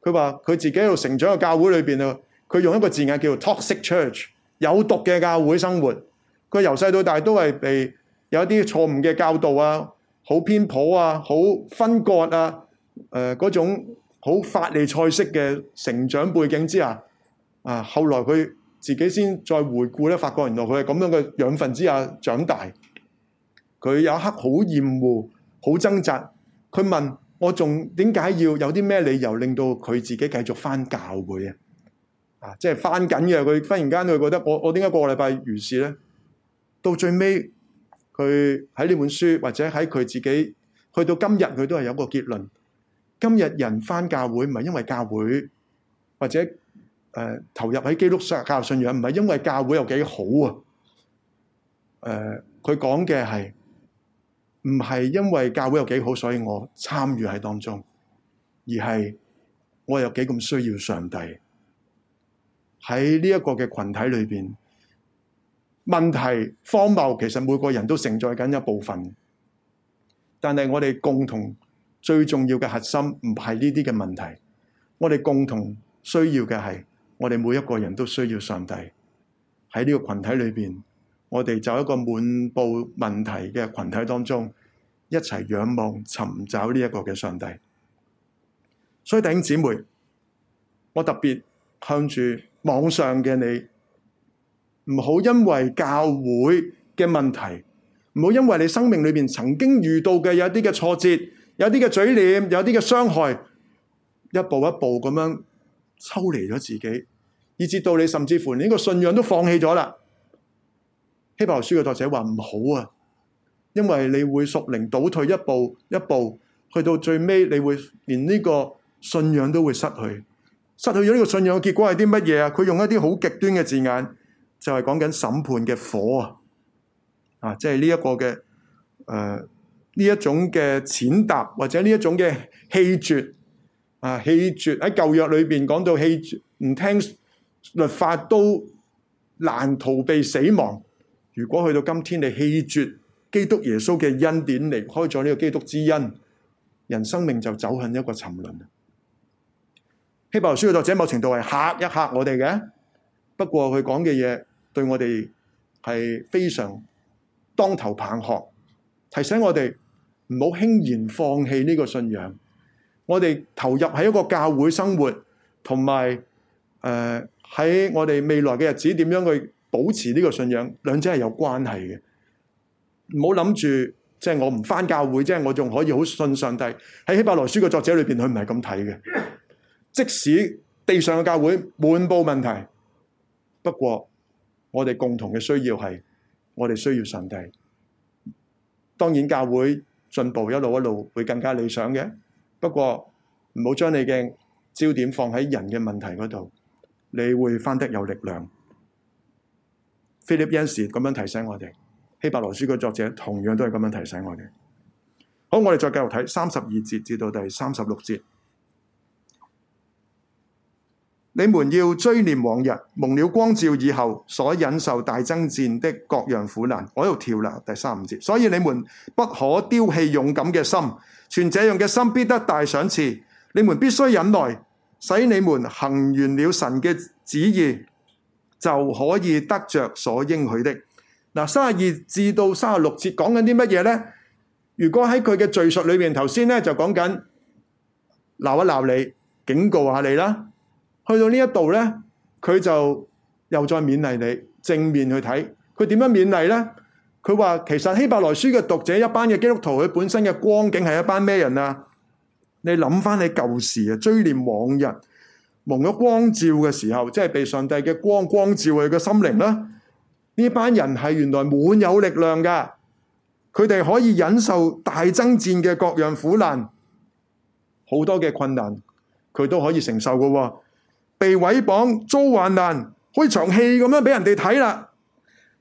佢話佢自己喺度成長嘅教會裏邊啊，佢用一個字眼叫做 toxic church，有毒嘅教會生活。佢由細到大都係被有一啲錯誤嘅教導啊，好偏頗啊，好分割啊，誒、呃、嗰種好法利賽式嘅成長背景之下。啊！後來佢自己先再回顧咧，發覺原來佢係咁樣嘅養分之下長大。佢有一刻好厭惡、好掙扎。佢問我：仲點解要有啲咩理由令到佢自己繼續返教會啊？啊，即係返緊嘅佢忽然間佢覺得我我點解個個禮拜如是咧？到最尾佢喺呢本書或者喺佢自己去到今日，佢都係有個結論。今日人返教會唔係因為教會或者。誒，投入喺基督教信仰唔係因為教會有幾好啊。誒，佢講嘅係唔係因為教會有幾好，所以我參與喺當中，而係我有幾咁需要上帝喺呢一個嘅群體裏邊。問題荒謬，其實每個人都承載緊一部分，但係我哋共同最重要嘅核心唔係呢啲嘅問題，我哋共同需要嘅係。我哋每一個人都需要上帝喺呢個群體裏面，我哋就一個滿布問題嘅群體當中，一齊仰望尋找呢一個嘅上帝。所以弟兄姐妹，我特別向住網上嘅你，唔好因為教會嘅問題，唔好因為你生命裏面曾經遇到嘅有啲嘅挫折，有啲嘅嘴臉，有啲嘅傷害，一步一步咁樣。抽離咗自己，以至到你甚至乎連個信仰都放棄咗啦。希伯來書嘅作者話唔好啊，因為你會屬靈倒退一步一步，去到最尾你會連呢個信仰都會失去。失去咗呢個信仰嘅結果係啲乜嘢啊？佢用一啲好極端嘅字眼，就係講緊審判嘅火啊！即係呢一個嘅誒，呢、呃、一種嘅踐踏或者呢一種嘅棄絕。啊！棄絕喺舊約裏邊講到棄絕，唔聽律法都難逃避死亡。如果去到今天，你棄絕基督耶穌嘅恩典離，離開咗呢個基督之恩，人生命就走向一個沉淪。希伯來書嘅作者某程度係吓一吓我哋嘅，不過佢講嘅嘢對我哋係非常當頭棒喝，提醒我哋唔好輕言放棄呢個信仰。我哋投入喺一個教會生活，同埋呃喺我哋未來嘅日子，點樣去保持呢個信仰，兩者係有關係嘅。唔好諗住，即係我唔返教會，即係我仲可以好信上帝。喺希伯來書嘅作者裏邊，佢唔係咁睇嘅。即使地上嘅教會滿佈問題，不過我哋共同嘅需要係我哋需要上帝。當然，教會進步一路一路會更加理想嘅。不過唔好將你嘅焦點放喺人嘅問題嗰度，你會翻得有力量。Philip Yancey 咁樣提醒我哋，希伯來書嘅作者同樣都係咁樣提醒我哋。好，我哋再繼續睇三十二節至到第三十六節，你們要追念往日蒙了光照以後所忍受大爭戰的各樣苦難。我又跳啦，第三五節，所以你們不可丟棄勇敢嘅心。存這樣嘅心，必得大賞賜。你們必須忍耐，使你們行完了神嘅旨意，就可以得着所應許的。嗱、啊，三十二至到三十六節講緊啲乜嘢咧？如果喺佢嘅敘述裏面，頭先咧就講緊鬧一鬧你、警告下你啦。去到呢一度咧，佢就又再勉勵你，正面去睇佢點樣勉勵咧。佢話其實希伯來書嘅讀者，一班嘅基督徒，佢本身嘅光景係一班咩人啊？你諗翻你舊時啊，追念往日蒙咗光照嘅時候，即係被上帝嘅光光照佢嘅心靈啦、啊。呢班人係原來滿有力量嘅，佢哋可以忍受大爭戰嘅各樣苦難，好多嘅困難佢都可以承受嘅、啊。被毀謗、遭患難、開場戲咁樣俾人哋睇啦。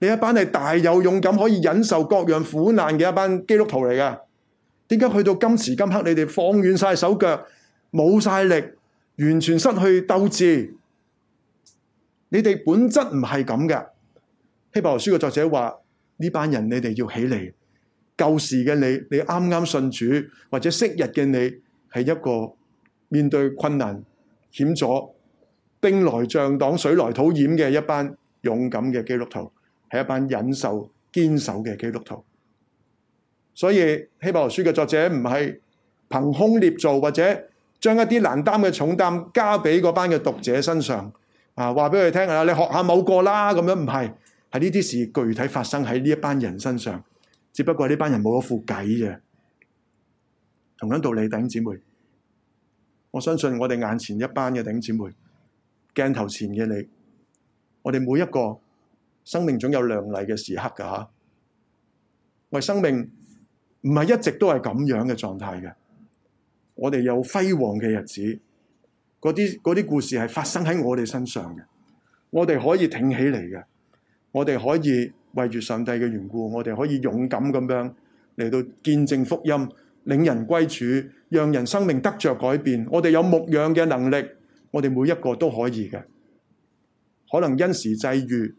你一班係大有勇敢，可以忍受各樣苦難嘅一班基督徒嚟㗎。點解去到今時今刻，你哋放軟晒手腳，冇晒力，完全失去鬥志？你哋本質唔係咁嘅。希伯來書嘅作者話：呢班人，你哋要起嚟。舊時嘅你，你啱啱信主或者昔日嘅你，係一個面對困難險阻、兵來將擋、水來土掩嘅一班勇敢嘅基督徒。係一班忍受、堅守嘅基督徒，所以希伯來書嘅作者唔係憑空捏造，或者將一啲難擔嘅重擔交俾嗰班嘅讀者身上啊，話俾佢哋聽啊，你學下某個啦，咁樣唔係，係呢啲事具體發生喺呢一班人身上，只不過係呢班人冇咗副偈嘅。同樣道理，弟兄姊妹，我相信我哋眼前一班嘅弟兄姊妹，鏡頭前嘅你，我哋每一個。生命總有亮麗嘅時刻噶吓，我、啊、生命唔係一直都係咁樣嘅狀態嘅。我哋有輝煌嘅日子，嗰啲嗰啲故事係發生喺我哋身上嘅。我哋可以挺起嚟嘅，我哋可以為住上帝嘅緣故，我哋可以勇敢咁樣嚟到見證福音，領人歸主，讓人生命得着改變。我哋有牧養嘅能力，我哋每一個都可以嘅。可能因時際遇。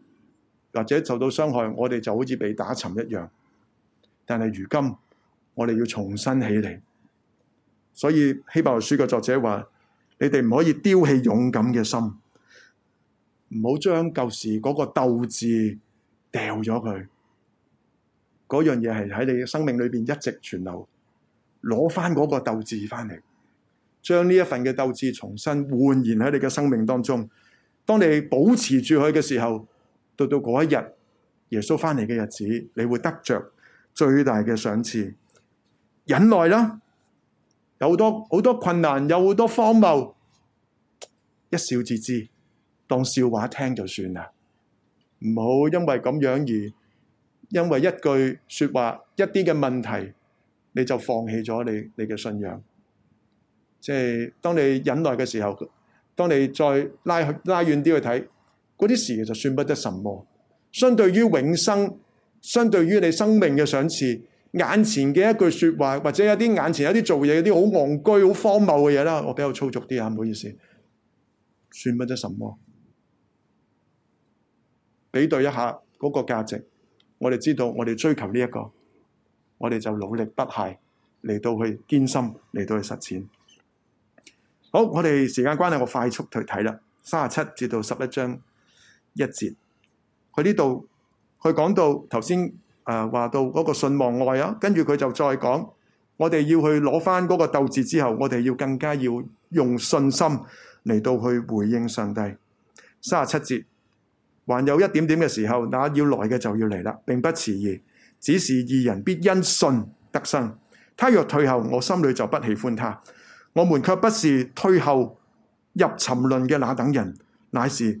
或者受到傷害，我哋就好似被打沉一樣。但係如今，我哋要重新起嚟。所以希伯來書嘅作者話：你哋唔可以丟棄勇敢嘅心，唔好將舊時嗰個鬥志掉咗佢。嗰樣嘢係喺你嘅生命裏邊一直存留，攞翻嗰個鬥志翻嚟，將呢一份嘅鬥志重新煥然喺你嘅生命當中。當你保持住佢嘅時候。到到嗰一日，耶穌翻嚟嘅日子，你會得着最大嘅賞賜。忍耐啦，有好多好多困難，有好多荒謬，一笑置之。當笑話聽就算啦。唔好因為咁樣而，因為一句說話，一啲嘅問題，你就放棄咗你你嘅信仰。即係當你忍耐嘅時候，當你再拉拉遠啲去睇。嗰啲事就算不得什麼，相對於永生，相對於你生命嘅賞賜，眼前嘅一句說話，或者有啲眼前有啲做嘢，啲好戇居、好荒謬嘅嘢啦，我比較粗俗啲啊，唔好意思，算不得什麼。比對一下嗰個價值，我哋知道，我哋追求呢、這、一個，我哋就努力不懈嚟到去堅心，嚟到去實踐。好，我哋時間關係，我快速去睇啦，三十七至到十一章。一節，佢呢度佢講到頭先誒話到嗰、呃、個信望愛啊，跟住佢就再講，我哋要去攞翻嗰個鬥志之後，我哋要更加要用信心嚟到去回應上帝。」三十七節，還有一點點嘅時候，那要來嘅就要嚟啦，並不遲疑，只是義人必因信得生。他若退後，我心裏就不喜歡他。我們卻不是退後入沉淪嘅那等人，乃是。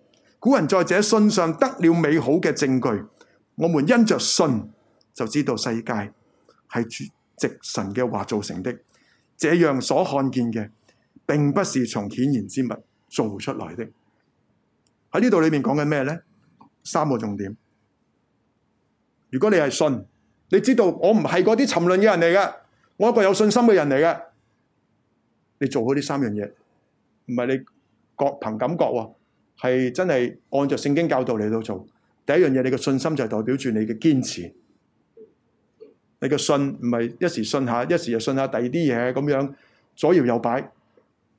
古人在這信上得了美好嘅證據，我們因着信就知道世界係主藉神嘅話做成的，這樣所看見嘅，並不是從顯然之物做出來的。喺呢度裏面講緊咩呢？三個重點。如果你係信，你知道我唔係嗰啲沉淪嘅人嚟嘅，我一個有信心嘅人嚟嘅。你做好呢三樣嘢，唔係你各憑感覺喎、哦。係真係按着聖經教導嚟到做。第一樣嘢，你嘅信心就係代表住你嘅堅持。你嘅信唔係一時信下，一時又信下，第二啲嘢咁樣左搖右擺。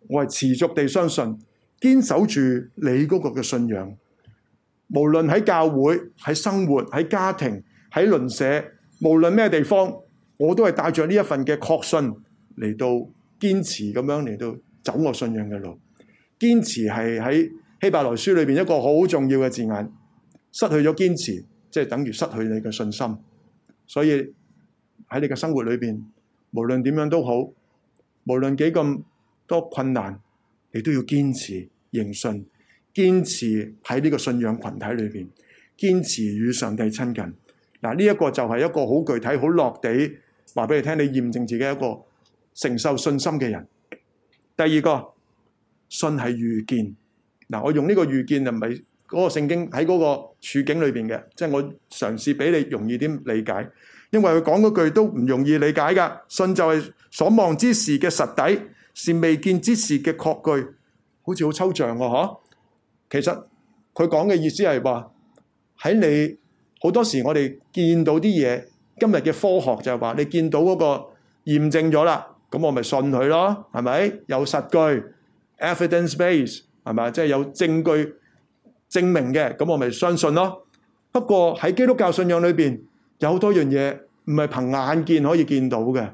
我係持續地相信，堅守住你嗰個嘅信仰。無論喺教會、喺生活、喺家庭、喺鄰舍，無論咩地方，我都係帶着呢一份嘅確信嚟到堅持咁樣嚟到走我信仰嘅路。堅持係喺。希伯來書裏邊一個好重要嘅字眼，失去咗堅持，即係等於失去你嘅信心。所以喺你嘅生活裏邊，無論點樣都好，無論幾咁多困難，你都要堅持、認信、堅持喺呢個信仰群體裏邊，堅持與上帝親近。嗱，呢一個就係一個好具體、好落地，話俾你聽，你驗證自己一個承受信心嘅人。第二個，信係遇見。嗱，我用呢個預見就唔係嗰個聖經喺嗰個處境裏邊嘅，即係我嘗試俾你容易啲理解。因為佢講嗰句都唔容易理解嘅，信就係所望之事嘅實底，是未見之事嘅確據，好似好抽象喎、哦，嗬。其實佢講嘅意思係話喺你好多時，我哋見到啲嘢，今日嘅科學就係話你見到嗰個驗證咗啦，咁我咪信佢咯，係咪有實據？Evidence base。Based, 係咪？即係有證據證明嘅，咁我咪相信咯。不過喺基督教信仰裏邊，有好多樣嘢唔係憑眼見可以見到嘅。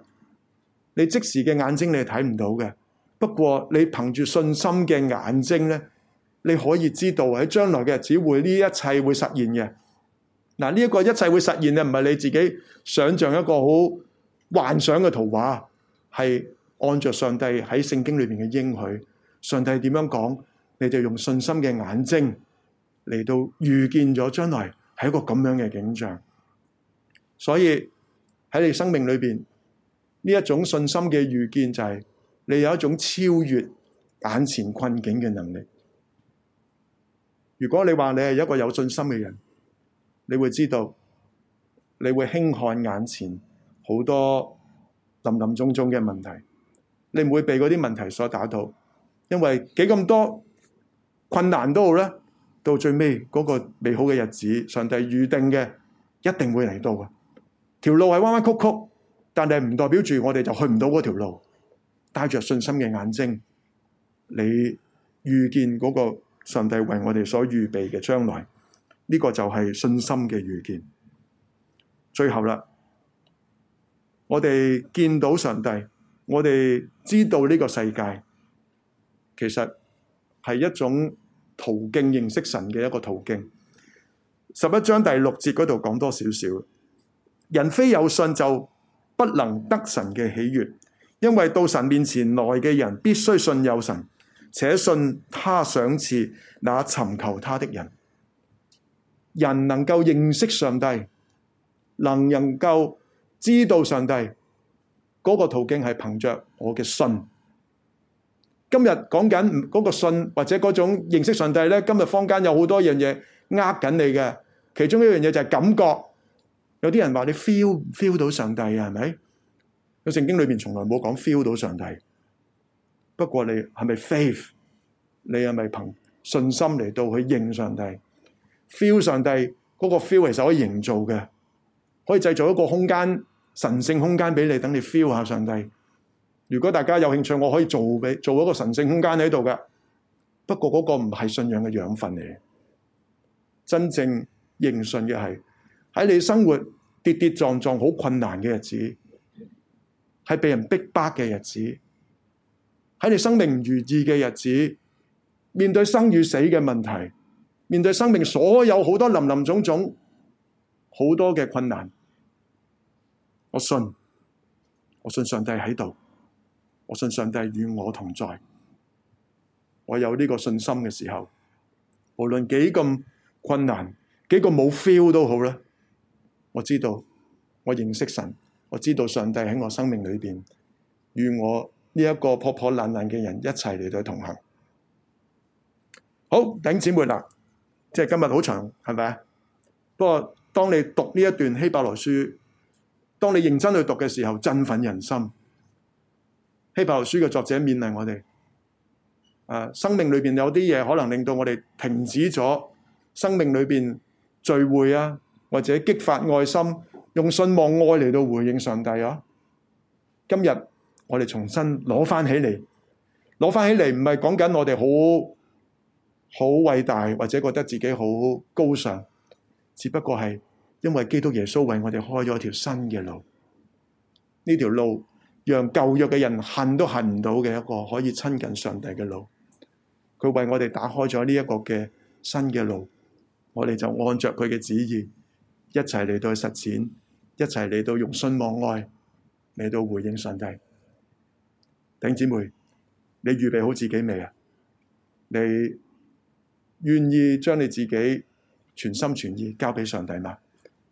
你即時嘅眼睛你係睇唔到嘅。不過你憑住信心嘅眼睛咧，你可以知道喺將來嘅日子呢一切會實現嘅。嗱，呢一個一切會實現嘅唔係你自己想象一個好幻想嘅圖畫，係按着上帝喺聖經裏邊嘅應許，上帝係點樣講？你就用信心嘅眼睛嚟到預見咗將來係一個咁樣嘅景象，所以喺你生命裏邊呢一種信心嘅預見就係、是、你有一種超越眼前困境嘅能力。如果你話你係一個有信心嘅人，你會知道你會輕看眼前好多林林總總嘅問題，你唔會被嗰啲問題所打倒，因為幾咁多。困難都好咧，到最尾嗰、嗰個美好嘅日子，上帝預定嘅一定會嚟到嘅。條路係彎彎曲曲，但係唔代表住我哋就去唔到嗰條路。帶着信心嘅眼睛，你預見嗰個上帝為我哋所預備嘅將來，呢、呢個就係信心嘅預見。最後啦，我哋見到上帝，我哋知道呢個世界其實。係一種途徑認識神嘅一個途徑。十一章第六節嗰度講多少少，人非有信就不能得神嘅喜悅，因為到神面前來嘅人必須信有神，且信他賞賜那尋求他的人。人能夠認識上帝，能能夠知道上帝嗰、那個途徑係憑着我嘅信。今日講緊嗰個信或者嗰種認識上帝呢，今日坊間有好多樣嘢呃緊你嘅，其中一樣嘢就係感覺。有啲人話你 feel 唔 feel 到上帝啊，係咪？聖經裏面從來冇講 feel 到上帝，不過你係咪 faith？你係咪憑信心嚟到去認上帝？feel 上帝嗰個 feel 係可以營造嘅，可以製造一個空間，神聖空間俾你，等你 feel 下上帝。如果大家有興趣，我可以做俾做一個神聖空間喺度嘅。不過嗰個唔係信仰嘅養分嚟，真正認信嘅係喺你生活跌跌撞撞、好困難嘅日子，係被人逼迫嘅日子，喺你生命如意嘅日子，面對生與死嘅問題，面對生命所有好多林林總總、好多嘅困難，我信，我信上帝喺度。我信上帝與我同在，我有呢個信心嘅時候，無論幾咁困難，幾咁冇 feel 都好啦。我知道我認識神，我知道上帝喺我生命裏面，與我呢一個破破爛爛嘅人一齊嚟到同行。好，頂姊妹啦，即係今日好長係咪？不過當你讀呢一段希伯來書，當你認真去讀嘅時候，振奮人心。《希伯來書》嘅作者勉勵我哋，誒、啊，生命裏邊有啲嘢可能令到我哋停止咗。生命裏邊聚會啊，或者激發愛心，用信望愛嚟到回應上帝啊。今日我哋重新攞翻起嚟，攞翻起嚟唔係講緊我哋好，好偉大或者覺得自己好高尚，只不過係因為基督耶穌為我哋開咗條新嘅路，呢條路。讓舊約嘅人恨都恨唔到嘅一個可以親近上帝嘅路，佢為我哋打開咗呢一個嘅新嘅路，我哋就按着佢嘅旨意，一齊嚟到實踐，一齊嚟到用信望愛嚟到回應上帝。頂姊妹，你預備好自己未啊？你願意將你自己全心全意交俾上帝嗎？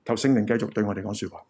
求聖靈繼續對我哋講說話。